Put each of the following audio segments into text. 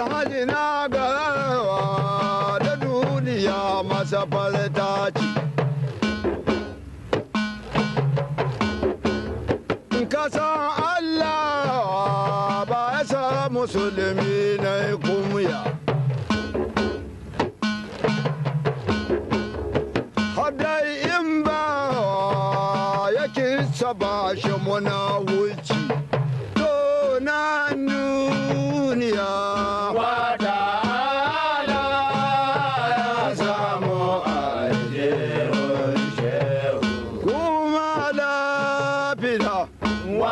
alhaji na gararwa da duniya masa farta ci kasan allah ba sa musulmi na kumya hadai in ba ya kirsa ba shi muna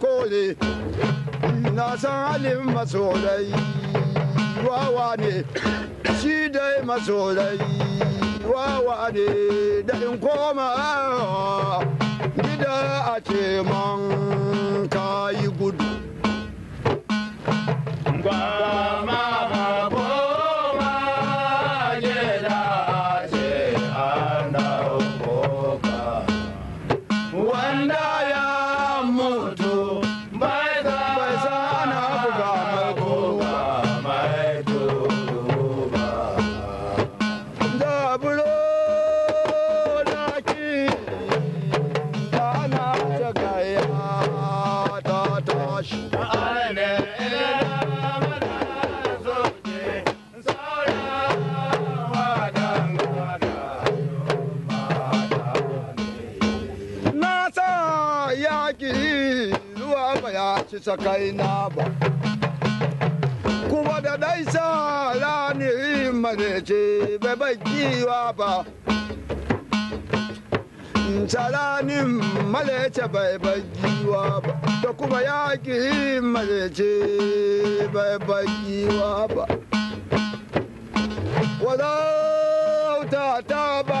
kore na san halin masorai wawa ne shi dai masorai wawa ne da in koma gida a ce shi sakai na ba kuma da dai sa lani madece bai bai kiwa ba salanin malece bai bai kiwa ba da kuma yaki malece bai bai kiwa ba wadau ta ta ba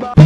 Bye.